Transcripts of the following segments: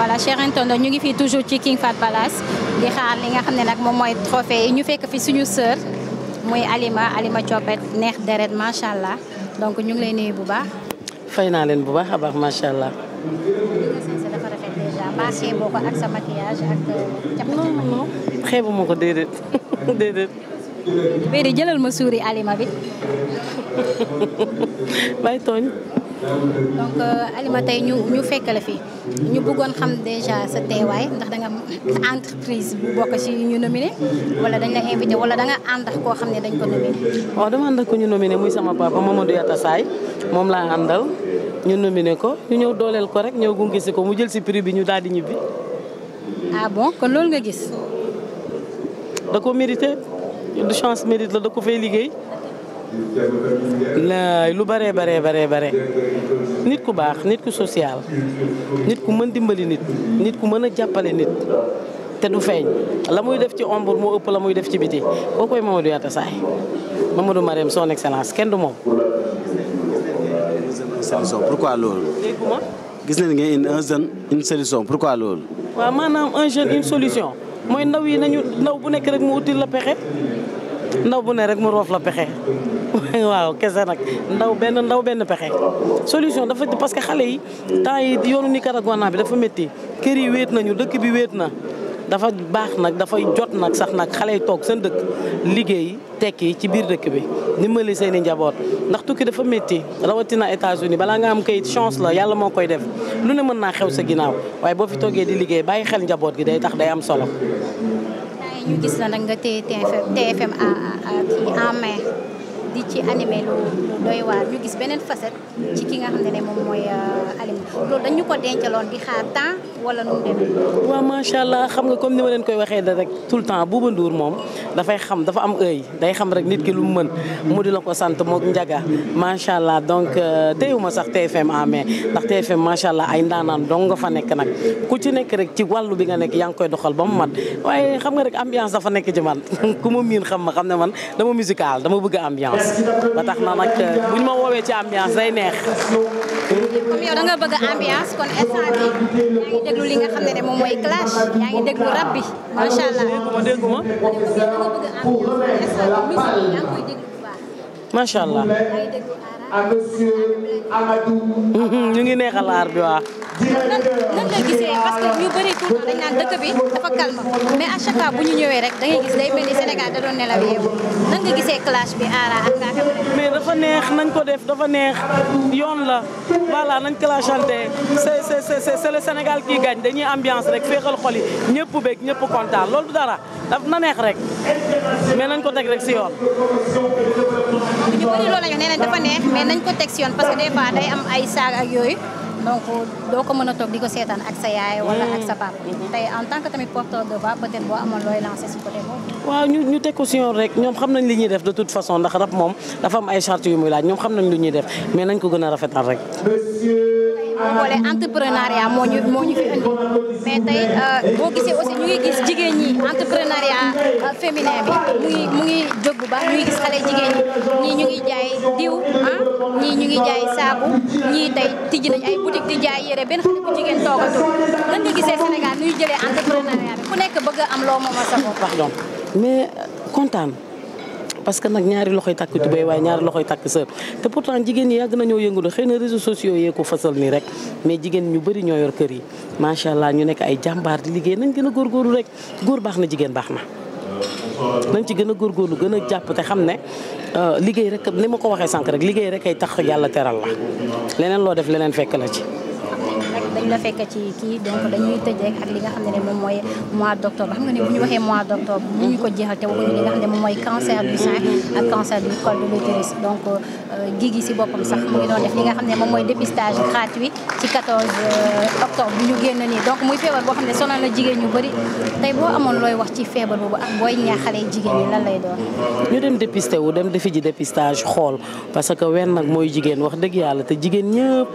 voilà cher intondo ñu ngi fii toujours ci King Fahd di xaar li nga xam ne nag moom mooy trophée yi ñu fekk fi suñu sœur muy Alima Alima Coppet neex deret macha allah donc ñu ngi lay nuyu bu baax. fay naa leen bu baax a baax macha allah. dafa rafet déjà marché boo ko ak sa maquillage ak. Euh, non non xeebu ma ko déedéet déedéet. Béri jëlal ma suuri Alima bi. bay tooñ. donc euh, Alima tey ñu ñu fekk la fi ñu bëggoon xam déjà sa teewaay ndax da nga entreprise bu bokk ci ñu nominé wala dañ la invité wala da ànd ak koo xam ne dañ ko nominé. waaw dama ànd ak ñu nominé muy sama papa Mamadou Yatta Saay moom laa àndal ñu nominé ko ñu ñëw dooleel ko rek ñëw gunge si ko mu jël si pris bi ñu daal di ñibbi. ah bon kon loolu nga gis. da ko mérité du chance mérite la da ko fay liggéey. laay lu baree baree baree bare nit ku baax nit ku social nit ku mën dimbali nit nit ku mën a jàppale nit te du feeñ la muy def ci ombre moo ëpp la muy def ci biti koo koy Mamadou Yatta Saay Mamadou Marème son excellence kenn du moom solution pourquoi loolu gis nañ ngeen un jeune une solution pourquoi loolu waaw maanaam un jeune une solution mooy ndaw yi nañu ndaw bu nekk rek mu util la pexe ndaw bu ne rek mu roof la pexe waaw kese nag ndaw benn ndaw benn pexe solution dafa parce que xale yi temps yi yoonu Nicaragua bi dafa métti kër yi wéet ñu dëkk bi wéet na dafa baax nag dafay jot nag sax nag xale yi toog seen dëkk liggéey tekki ci biir dëkk bi dimbali seen i njaboot ndax tukki dafa métti rawatina États-Unis balaa nga am kayit chance la yàlla moo koy def lu ne mën naa xew sa ginnaaw waaye boo fi toogee di liggéey bàyyi xel njaboot gi day tax day am solo. nag nga téye TFM di ci animé xam euh, loolu dañu ko dencaloon di xaar temps wala nu mu demee. waaw xam nga comme ni ma leen koy waxee da rek tout le temps Bouba Ndour moom dafay xam dafa am day xam rek nit ki lu mën mu di la ko sant moog Ndiaga macha allah donc euh, téyewuma sax TFM en mai ndax TFM macha ay ndaanaan dong nga fa nekk nag ku ci nekk rek ci wàllu bi nga nekk yaa ngi koy doxal ba mu mat waaye xam nga rek ambiance dafa nekk ci man ku ma miin xam ma xam ne man dama musical dama bëgg ambiance. ba tax na nag buñ ma woowee ci ambiance day neex. comme yow da nga bëgg ambiance kon instant bi yaa ngi déglu li nga xam ne moom mooy clash yaa ngi déglu rab bi macha ma macha allah. ñu ngi neexal aar waa. nan la gisee parce ñu bëri tout dañ naan dëkk bi dafa calme mais à chaque fois bu ñu ñëwee rek dangay gis day mel ni Sénégal da doon nelaw yeewu nan nga gisee clash bi aara ak ngaaka mais dafa neex nañ ko def dafa neex yoon la voilà nañ clashante c'est c'est c'est c'est le Sénégal qui dañuy ambiance rek féexal xol yi ñëpp beeg ñëpp kontaan loolu du dara daf na neex rek mais nañ ko teg rek si yoon ñu bëri loolu la ñu nañ dafa neex mais nañ ko teg si day am ay saaga ak yooyu donc doo ko mën a toog di ko seetaan ak sa yaay. wala ak sa papa. Mm. tey en tant que tamit porteur de voix peut boo amoon looy lancé si côté boobu. waaw ñu ñu teg si yoon rek ñoom xam nañ li ñuy def de toute façon ndax rab moom dafa am ay chartes yu muy laaj ñoom xam nañ lu ñuy def mais nañ ko gën a rafetal rek. boo boole entrepreneuriat moo moo ñu fi euh, gisee aussi ñu ngi gis jigéen entrepreneuriat euh, féminin bi mu ngi mu ngi jóg bu baax ñu ngi gis xale jigéen ñi ñii ñu ngi jaay diw ah ñii ñu ngi jaay saabu ñii tey tijji nañ ay boutique di jaay yére benn xale bu jigéen toogatu nan nga gisee Sénégal nu ñu jëlee bi ku nekk bëgg a am loo moom a sa bopp. pardon mais euh, kontaan. parce que nag ñaari loxoy tàkk tubéy waaye ñaari loxoy tàkk sër te pourtant jigéen ñi yàgg nañoo yëngu xëy na réseaux sociaux yee ko fasal nii rek mais jigéen ñu bëri ñoo yor kër yi macha allah ñu nekk ay jàmbaar di liggéey nañ gën a góorgóorlu rek góor baax na jigéen baax na. nañ ci gën a góorgóorlu gën a jàpp te xam ne euh, liggéey rek ni ma ko waxee sànq rek liggéey rek ay tax yàlla teral la leneen loo def leneen fekk la ci. dañ la fekk ci kii donc dañuy tëj rek ak li nga xam ne moom mooy mois d' octobre xam nga ne bu ñu waxee mois d' octobre mënuñu ko jeexal te waxuñu li nga xam ne moom mooy cancer du sein ak cancer du col de l'utérus donc Euh, Guigui si boppam sax mu ngi doon def li nga xam ne moom mooy dépistage gratuit ci 14 euh, bi ñu génn nii donc muy feebar boo xam ne sonal na jigéen ñu ci feebar boobu ak booy ñaaxalee dem dépisté wu dem defi ji dépistage xool parce que wenn nag mooy jigéen wax dëgg yàlla te jigéen ñëpp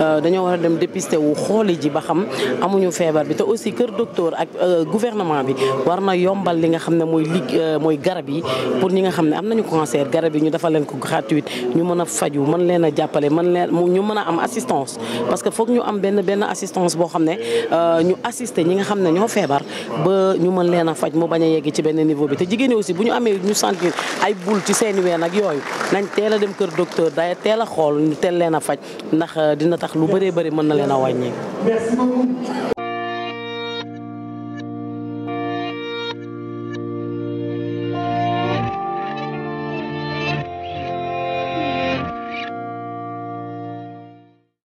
euh, dañoo war a dem dépisté wu xooli ji ba xam amuñu feebar bi te aussi kër docteur ak gouvernement bi war na yombal li nga xam ne mooy lig mooy garab yi pour ñi nga xam ne am nañu cancer garab yi ñu defal leen ko gratuit ñu mën a faju mën leen a jàppale man leen ñu mën a am assistance parce que foog ñu am benn benn assistance boo xam ne euh, ñu assister ñi nga xam ne ñoo feebar ba ñu mën leen a faj mu bañ a yegg ci benn niveau bi te jigéeni aussi bu ñu amee ñu sentir ay bul ci seen ween ak yooyu nañ teel a dem kër docteur day teel a xool ñu teel leen a faj ndax euh, dina tax lu bëree bëri mën na leen a wàññi